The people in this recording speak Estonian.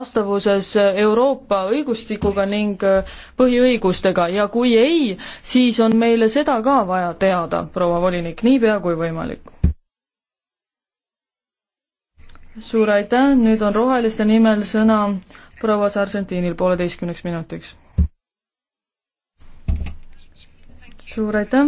vastavuses Euroopa õigustikuga ning äh, põhiõigustega ja kui ei, siis on meile seda ka vaja teada, proua volinik, niipea kui võimalik. suur aitäh, nüüd on roheliste nimel sõna proua Sargentinil pooleteistkümneks minutiks. suur aitäh!